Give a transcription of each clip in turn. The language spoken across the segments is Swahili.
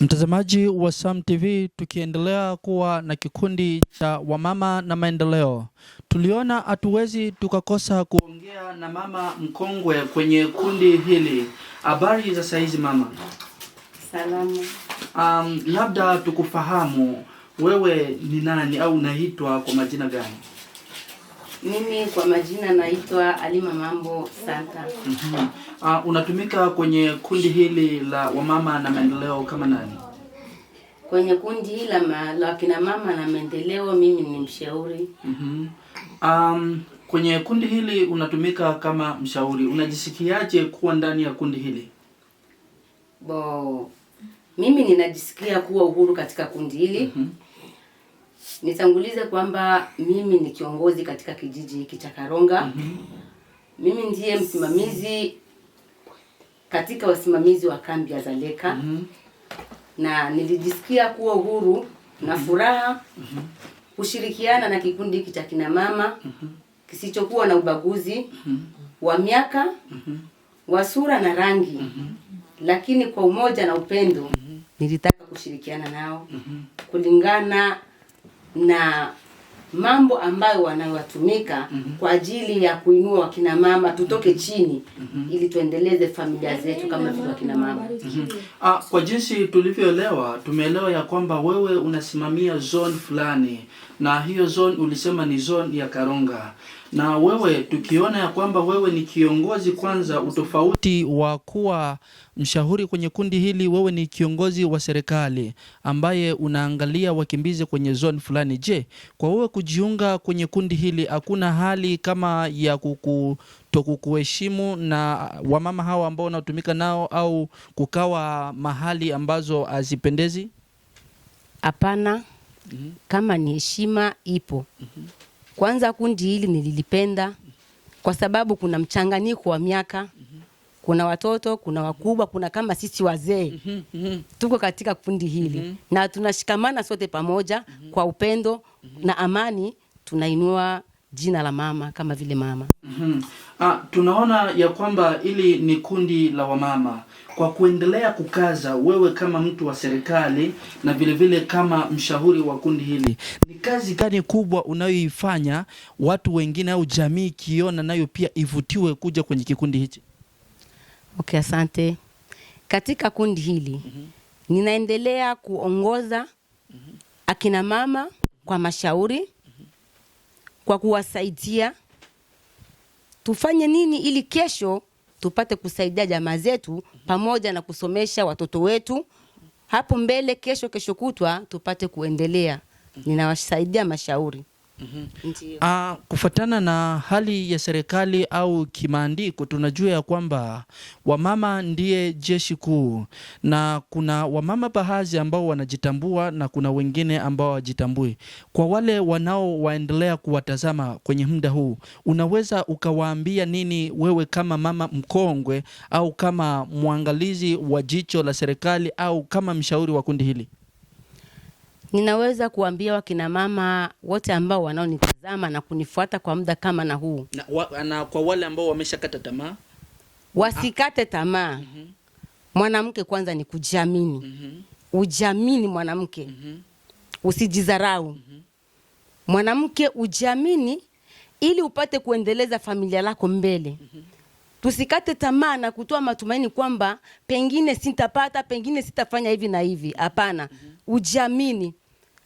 Mtazamaji wa Sam TV, tukiendelea kuwa na kikundi cha wamama na maendeleo, tuliona hatuwezi tukakosa kuongea na mama mkongwe kwenye kundi hili. Habari za saizi mama? Salama. Um, labda tukufahamu wewe ni nani au unaitwa kwa majina gani? Mimi kwa majina naitwa Alima Mambo Santa. mm -hmm. Uh, unatumika kwenye kundi hili la wamama na maendeleo kama nani? Kwenye kundi hili la, la kina mama na maendeleo mimi ni mshauri. mm -hmm. Um, kwenye kundi hili unatumika kama mshauri, unajisikiaje kuwa ndani ya kundi hili? Bo, mimi ninajisikia kuwa uhuru katika kundi hili. mm -hmm. Nitangulize kwamba mimi ni kiongozi katika kijiji hiki cha Karonga. mm -hmm. Mimi ndiye msimamizi katika wasimamizi wa kambi ya Zaleka. mm -hmm. na nilijisikia kuwa uhuru mm -hmm. na mm-hmm. furaha mm -hmm. kushirikiana na kikundi hiki cha kina mama mm -hmm. kisichokuwa na ubaguzi mm -hmm. wa miaka mm -hmm. wa sura na rangi mm -hmm. lakini kwa umoja na upendo mm -hmm. nilitaka kushirikiana nao mm -hmm. kulingana na mambo ambayo wanayotumika mm -hmm. kwa ajili ya kuinua wakina mama tutoke mhm. chini mm -hmm. ili tuendeleze familia zetu kama vile wakina mama mm -hmm. Ah, kwa jinsi tulivyoelewa, tumeelewa ya kwamba wewe unasimamia zone fulani, na hiyo zone ulisema ni zone ya Karonga na wewe, tukiona ya kwamba wewe ni kiongozi kwanza, utofauti wa kuwa mshauri kwenye kundi hili, wewe ni kiongozi wa serikali ambaye unaangalia wakimbizi kwenye zone fulani. Je, kwa wewe kujiunga kwenye kundi hili hakuna hali kama ya kutokukuheshimu na wamama hawa ambao unatumika nao, au kukawa mahali ambazo hazipendezi? Hapana. mm -hmm. Kama ni heshima ipo. mm -hmm. Kwanza kundi hili nililipenda kwa sababu kuna mchanganyiko wa miaka, kuna watoto, kuna wakubwa, kuna kama sisi wazee tuko katika kundi hili na tunashikamana sote pamoja kwa upendo na amani, tunainua jina la mama kama vile mama. Mm-hmm. Ah, tunaona ya kwamba ili ni kundi la wamama. Kwa kuendelea kukaza, wewe kama mtu wa serikali na vile vile kama mshauri wa kundi hili, ni kazi gani kubwa unayoifanya watu wengine au jamii ikiona nayo pia ivutiwe kuja kwenye kikundi hichi? Okay, asante. Katika kundi hili mm -hmm. ninaendelea kuongoza mm -hmm. akina mama kwa mashauri kwa kuwasaidia. Tufanye nini ili kesho tupate kusaidia jamaa zetu pamoja na kusomesha watoto wetu hapo mbele, kesho kesho kutwa tupate kuendelea. Ninawasaidia mashauri. Mm -hmm. Ah, kufuatana na hali ya serikali au kimaandiko tunajua ya kwamba wamama ndiye jeshi kuu, na kuna wamama baadhi ambao wanajitambua na kuna wengine ambao hawajitambui. Kwa wale wanaowaendelea kuwatazama kwenye muda huu, unaweza ukawaambia nini wewe kama mama mkongwe au kama mwangalizi wa jicho la serikali au kama mshauri wa kundi hili? ninaweza kuambia wakina mama wote ambao wanaonitazama na kunifuata kwa muda kama na huu na, wa, na kwa wale ambao wameshakata tamaa wasikate tamaa. mm -hmm. Mwanamke kwanza ni kujiamini. mm -hmm. Ujiamini mwanamke. mm -hmm. Usijizarau. mm -hmm. Mwanamke ujiamini ili upate kuendeleza familia lako mbele. mm -hmm. Tusikate tamaa na kutoa matumaini kwamba pengine sitapata, pengine sitafanya hivi na hivi. Hapana. mm -hmm. Ujiamini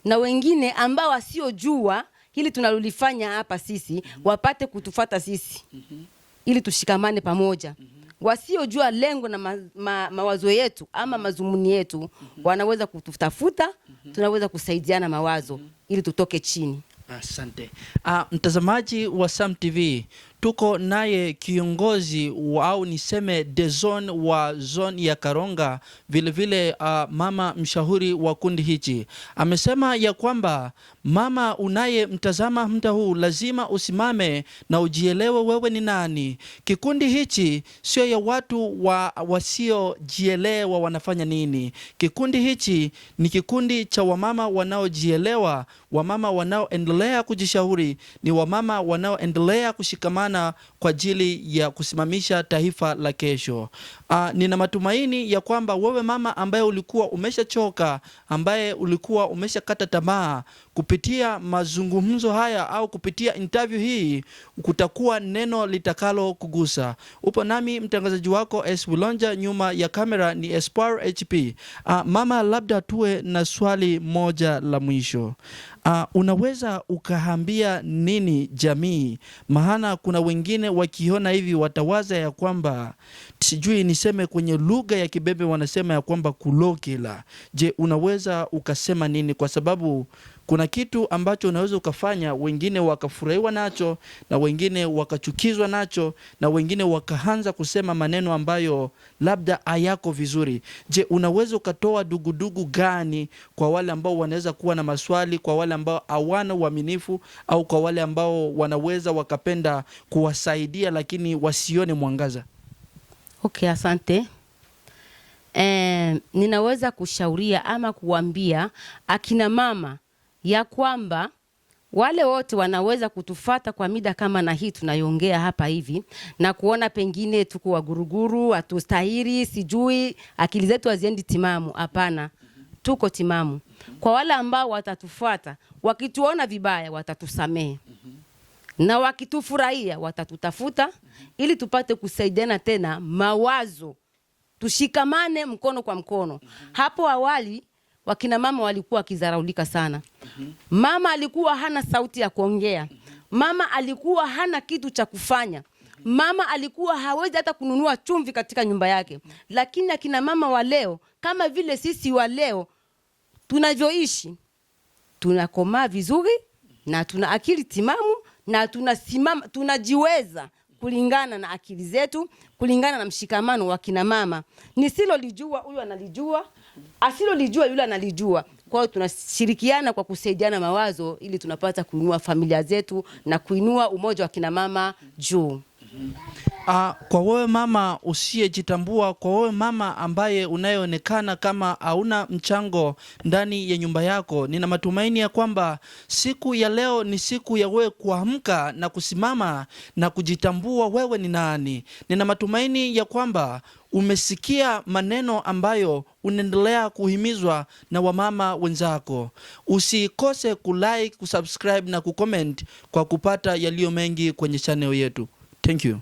na wengine ambao wasiojua hili tunalolifanya hapa sisi mm -hmm. wapate kutufata sisi mm -hmm. ili tushikamane pamoja mm -hmm. Wasiojua lengo na ma, ma, mawazo yetu ama mhm. mazumuni yetu mm -hmm. wanaweza kututafuta mm -hmm. tunaweza kusaidiana mawazo mm -hmm. ili tutoke chini. Asante. Ah, mtazamaji wa Sam TV Tuko naye kiongozi au niseme dezon wa zone ya Karonga, vilevile vile, uh, mama mshauri wa kundi hichi amesema ya kwamba mama unayemtazama mta huu lazima usimame na ujielewe wewe ni nani. Kikundi hichi sio ya watu wa wasiojielewa wanafanya nini. Kikundi hichi ni kikundi cha wamama wanaojielewa, wamama wanaoendelea kujishauri, ni wamama wanaoendelea kushikamana sana kwa ajili ya kusimamisha taifa la kesho. Aa, ah, nina matumaini ya kwamba wewe mama ambaye ulikuwa umeshachoka, ambaye ulikuwa umeshakata tamaa kupitia mazungumzo haya au kupitia interview hii kutakuwa neno litakalo kugusa. Upo nami mtangazaji wako S Bulonja, nyuma ya kamera ni Espoir HP. Uh, ah, mama, labda tuwe na swali moja la mwisho. Uh, unaweza ukaambia nini jamii? Maana kuna wengine wakiona hivi watawaza ya kwamba sijui niseme kwenye lugha ya kibebe wanasema ya kwamba kulokela. Je, unaweza ukasema nini? Kwa sababu kuna kitu ambacho unaweza ukafanya wengine wakafurahiwa nacho na wengine wakachukizwa nacho na wengine wakaanza kusema maneno ambayo labda hayako vizuri. Je, unaweza ukatoa dugudugu gani kwa wale ambao wanaweza kuwa na maswali, kwa wale ambao hawana uaminifu, au kwa wale ambao wanaweza wakapenda kuwasaidia lakini wasione mwangaza? Okay, asante. Eh, ninaweza kushauria ama kuambia akina mama ya kwamba wale wote wanaweza kutufata kwa mida kama na hii tunayoongea hapa hivi na kuona pengine tuko waguruguru, hatustahiri, sijui akili zetu haziendi timamu. Hapana, tuko timamu. Kwa wale ambao watatufuata, wakituona vibaya watatusamehe na wakitufurahia watatutafuta ili tupate kusaidiana tena mawazo, tushikamane mkono kwa mkono. Hapo awali wakina mama walikuwa wakizaraulika sana. Mama alikuwa hana sauti ya kuongea, mama alikuwa hana kitu cha kufanya, mama alikuwa hawezi hata kununua chumvi katika nyumba yake. Lakini akina mama wa leo, kama vile sisi wa leo tunavyoishi, tunakomaa vizuri na tuna akili timamu na tunasimama, tunajiweza kulingana na akili zetu, kulingana na mshikamano wa kina mama. Nisilolijua huyu analijua, asilolijua yule analijua. Kwa hiyo tunashirikiana kwa kusaidiana mawazo ili tunapata kuinua familia zetu na kuinua umoja wa kinamama juu. Uh, kwa wewe mama usiyejitambua, kwa wewe mama ambaye unayeonekana kama hauna mchango ndani ya nyumba yako, nina matumaini ya kwamba siku ya leo ni siku ya wewe kuamka na kusimama na kujitambua wewe ni nani. Nina matumaini ya kwamba umesikia maneno ambayo unaendelea kuhimizwa na wamama wenzako. Usikose kulike, kusubscribe na kucomment kwa kupata yaliyo mengi kwenye channel yetu. Thank you.